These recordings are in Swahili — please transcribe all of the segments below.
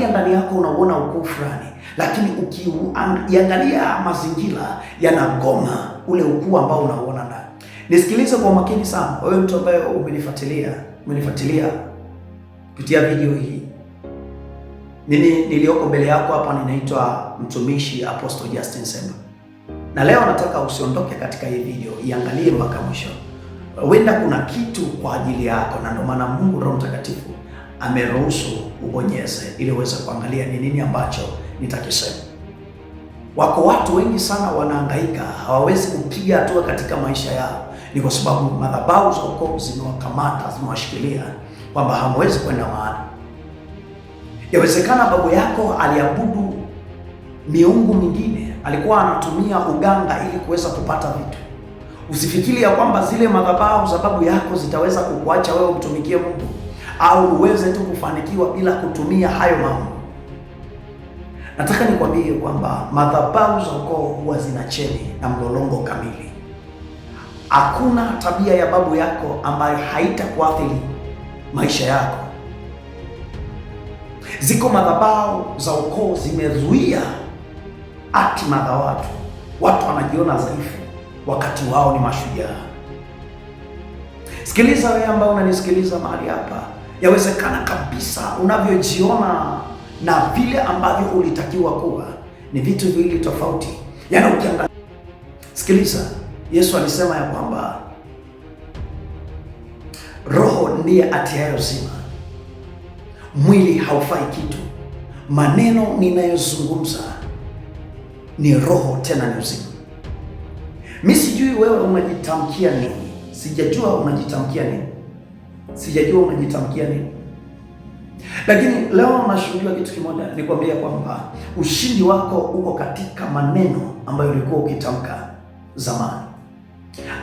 ukiangalia ndani yako unauona ukuu fulani, lakini ukiangalia mazingira yanagoma ule ukuu ambao unauona ndani. Nisikilize kwa makini sana, wewe mtu ambaye umenifuatilia, umenifuatilia kupitia video hii. Nini nilioko mbele yako hapa, ninaitwa mtumishi Apostle Justin Semba, na leo nataka usiondoke katika hii video, iangalie mpaka mwisho. Huenda kuna kitu kwa ajili yako, na ndio maana Mungu Roho Mtakatifu ameruhusu ubonyeze, ili uweze kuangalia ni nini ambacho nitakisema. Wako watu wengi sana wanaangaika hawawezi kupiga hatua katika maisha yao, ni kwa sababu madhabahu za ukoo zimewakamata, zimewashikilia kwamba hamwezi kwenda mahali. Yawezekana babu yako aliabudu miungu mingine, alikuwa anatumia uganga ili kuweza kupata vitu. Usifikiri ya kwamba zile madhabahu za babu yako zitaweza kukuacha wewe umtumikie Mungu au uweze tu kufanikiwa bila kutumia hayo mambo. Nataka nikwambie kwamba madhabahu za ukoo huwa zina cheni na mlolongo kamili. Hakuna tabia ya babu yako ambayo haitakuathiri maisha yako. Ziko madhabahu za ukoo zimezuia hatima za watu. Watu wanajiona dhaifu wakati wao ni mashujaa. Sikiliza wewe ambao unanisikiliza mahali hapa. Yawezekana kabisa unavyojiona na vile ambavyo ulitakiwa kuwa ni vitu viwili tofauti. Yaani ukiangalia, sikiliza, Yesu alisema ya kwamba Roho ndiye atiayo uzima, mwili haufai kitu. Maneno ninayozungumza ni roho, tena ni uzima. Mi sijui wewe unajitamkia nini, sijajua unajitamkia nini sijajua unajitamkia nini, lakini leo nashuhudia kitu kimoja, nikwambia kwamba ushindi wako uko katika maneno ambayo ulikuwa ukitamka zamani.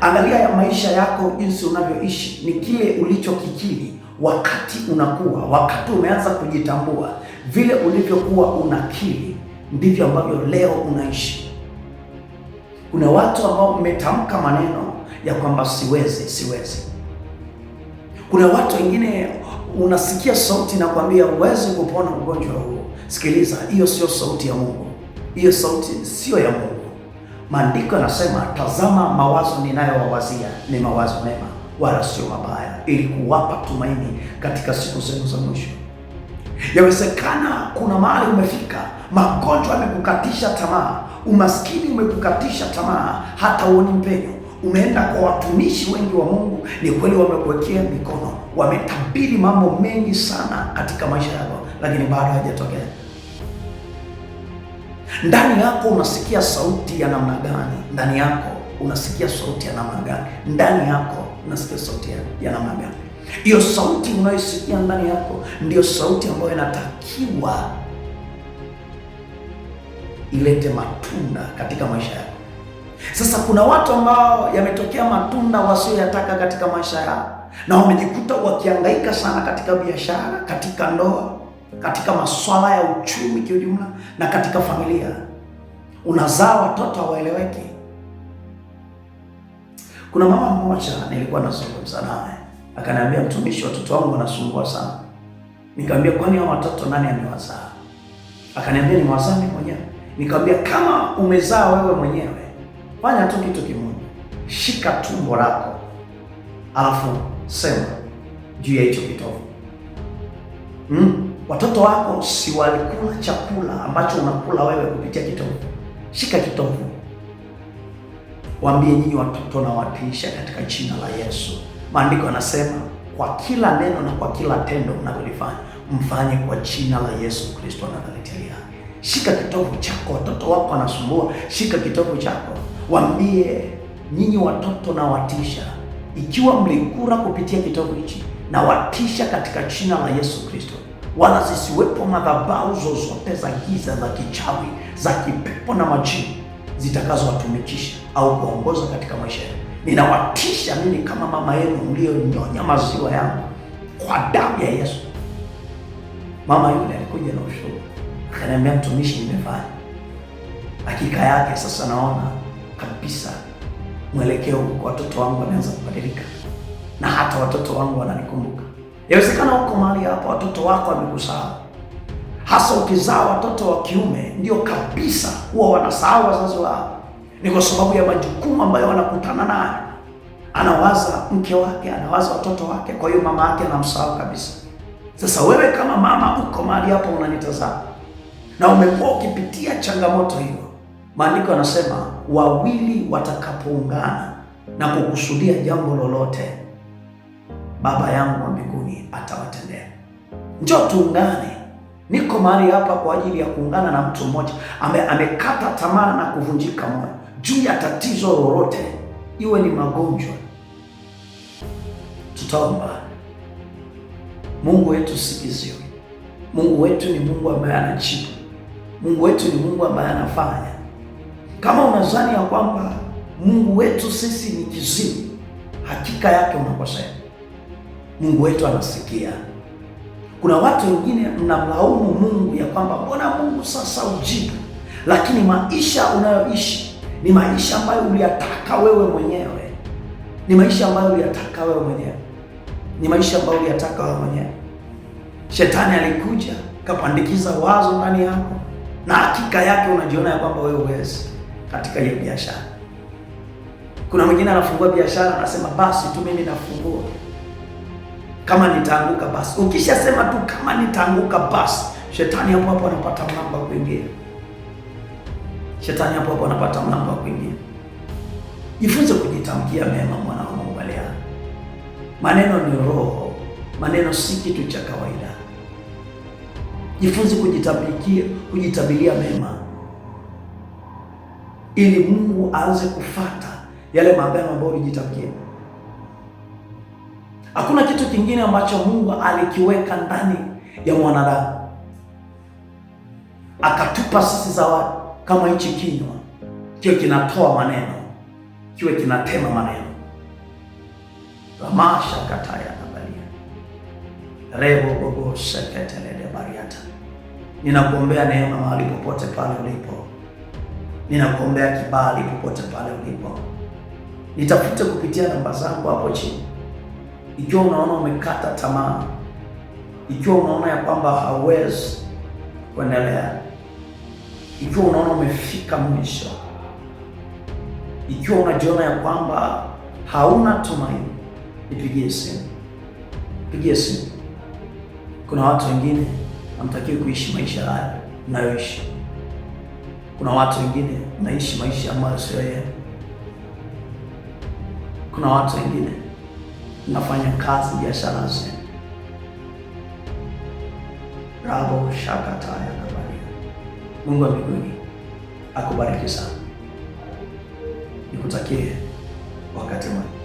Angalia ya maisha yako, jinsi unavyoishi ni kile ulichokikiri wakati unakuwa, wakati umeanza kujitambua, vile ulivyokuwa unakiri ndivyo ambavyo leo unaishi. Kuna watu ambao umetamka maneno ya kwamba siwezi, siwezi kuna watu wengine unasikia sauti na kuambia huwezi kupona ugonjwa huo. Sikiliza, hiyo sio sauti ya Mungu, hiyo sauti sio ya Mungu. Maandiko yanasema, tazama mawazo ninayowawazia ni mawazo mema, wala sio mabaya, ili kuwapa tumaini katika siku zenu za mwisho. Yawezekana kuna mahali umefika, magonjwa yamekukatisha tamaa, umaskini umekukatisha tamaa, hata uoni mpenyo umeenda kwa watumishi wengi wa Mungu, ni kweli wamekuwekea mikono, wametabiri mambo mengi sana katika maisha yako, lakini bado hajatokea. Ndani yako unasikia sauti ya namna gani? Ndani yako unasikia sauti ya namna gani? Ndani yako unasikia sauti ya namna gani? Hiyo sauti unayoisikia ndani yako ndiyo sauti ambayo inatakiwa ilete matunda katika maisha yako. Sasa kuna watu ambao yametokea matunda wasioyataka katika maisha yao, na wamejikuta wakiangaika sana katika biashara, katika ndoa, katika masuala ya uchumi kiujumla, na katika familia. Unazaa watoto hawaeleweki. Kuna mama mmoja nilikuwa nazungumza naye akaniambia, mtumishi, watoto wangu wanasumbua sana. Nikamwambia, kwani hao watoto nani amewazaa? Akaniambia, nimewazaa mimi mwenyewe. Nikamwambia, kama umezaa wewe mwenyewe fanya tu kitu kimoja, shika tumbo lako, alafu sema juu ya hicho kitovu mm. Watoto wako si walikula chakula ambacho unakula wewe kupitia kitovu? Shika kitovu, waambie nyinyi watoto na katika jina la Yesu. Maandiko yanasema kwa kila neno na kwa kila tendo mnavyolifanya mfanye kwa jina la Yesu Kristo wa Nazareti Shika kitovu chako, watoto wako wanasumbua, shika kitovu chako waambie nyinyi watoto na watisha, ikiwa mlikura kupitia kitabu hichi na watisha katika jina la Yesu Kristo, wala zisiwepo madhabahu zozote za giza za kichawi za kipepo na majini zitakazowatumikisha au kuongoza katika maisha yenu. Ninawatisha mimi kama mama yenu mliyonyonya maziwa yangu kwa damu ya Yesu. Mama yule alikuja na ushuru, akaniambia, mtumishi, nimefanya hakika yake, sasa naona kabisa mwelekeo kwa watoto wangu wameanza kubadilika, na hata watoto wangu wananikumbuka. Yawezekana huko mahali hapo watoto wako wamekusahau, hasa ukizaa watoto wa kiume, ndio kabisa huwa wanasahau wazazi wao. Ni kwa sababu ya majukumu ambayo wanakutana nayo, anawaza mke wake, anawaza watoto wake, kwa hiyo mama yake anamsahau kabisa. Sasa wewe kama mama uko mahali hapo unanitazama na umekuwa ukipitia changamoto hiyo, maandiko yanasema wawili watakapoungana na kukusudia jambo lolote, Baba yangu wa mbinguni atawatendea. Njoo tuungane. Niko mahali hapa kwa ajili ya kuungana na mtu mmoja ambaye amekata tamaa na kuvunjika moyo juu ya tatizo lolote, iwe ni magonjwa. Tutaomba. Mungu wetu sikiziwi. Mungu wetu ni Mungu ambaye anajibu. Mungu wetu ni Mungu ambaye anafanya kama unazani ya kwamba Mungu wetu sisi ni kizimu, hakika yake unakosea. Mungu wetu anasikia. Kuna watu wengine mnamlaumu Mungu ya kwamba mbona Mungu sasa ujibu, lakini maisha unayoishi ni maisha ambayo uliyataka wewe mwenyewe, ni maisha ambayo uliyataka wewe mwenyewe, ni maisha ambayo uliyataka wewe mwenyewe. Shetani alikuja kapandikiza wazo ndani yako, na hakika yake unajiona ya kwamba wewe uwezi katika hiyo biashara. Kuna mwingine anafungua biashara anasema, basi tu mimi nafungua, kama nitaanguka basi. Ukishasema tu kama nitaanguka basi, shetani hapo hapo anapata mlango wa kuingia, shetani hapo hapo anapata mlango wa kuingia. Jifunze kujitamkia mema, mwana wa Mungu. Maneno ni roho, maneno si kitu cha kawaida. Jifunze kujitabikia, kujitabilia mema ili Mungu aanze kufata yale maagano ambayo ulijitakia. Hakuna kitu kingine ambacho Mungu alikiweka ndani ya mwanadamu akatupa sisi zawadi kama hichi kinywa, kiwe kinatoa maneno, kiwe kinatema maneno. ramasha kataya nabalia rebo bobo seketele bariata, ninakuombea neema mahali popote pale ulipo Ninakuombea kibali popote pale ulipo, nitafute kupitia namba zangu hapo chini. Ikiwa unaona umekata tamaa, ikiwa unaona ya kwamba hauwezi kuendelea, ikiwa unaona umefika mwisho, ikiwa unajiona ya kwamba hauna tumaini, nipigie simu, pigie simu. Kuna watu wengine hamtakiwi kuishi maisha haya mnayoishi. Kuna watu wengine naishi maisha ambayo sio yeye. Kuna watu wengine nafanya kazi biashara zenu. Rabo shakataya kabari. Mungu wa mbinguni akubariki sana, nikutakie wakati mwema.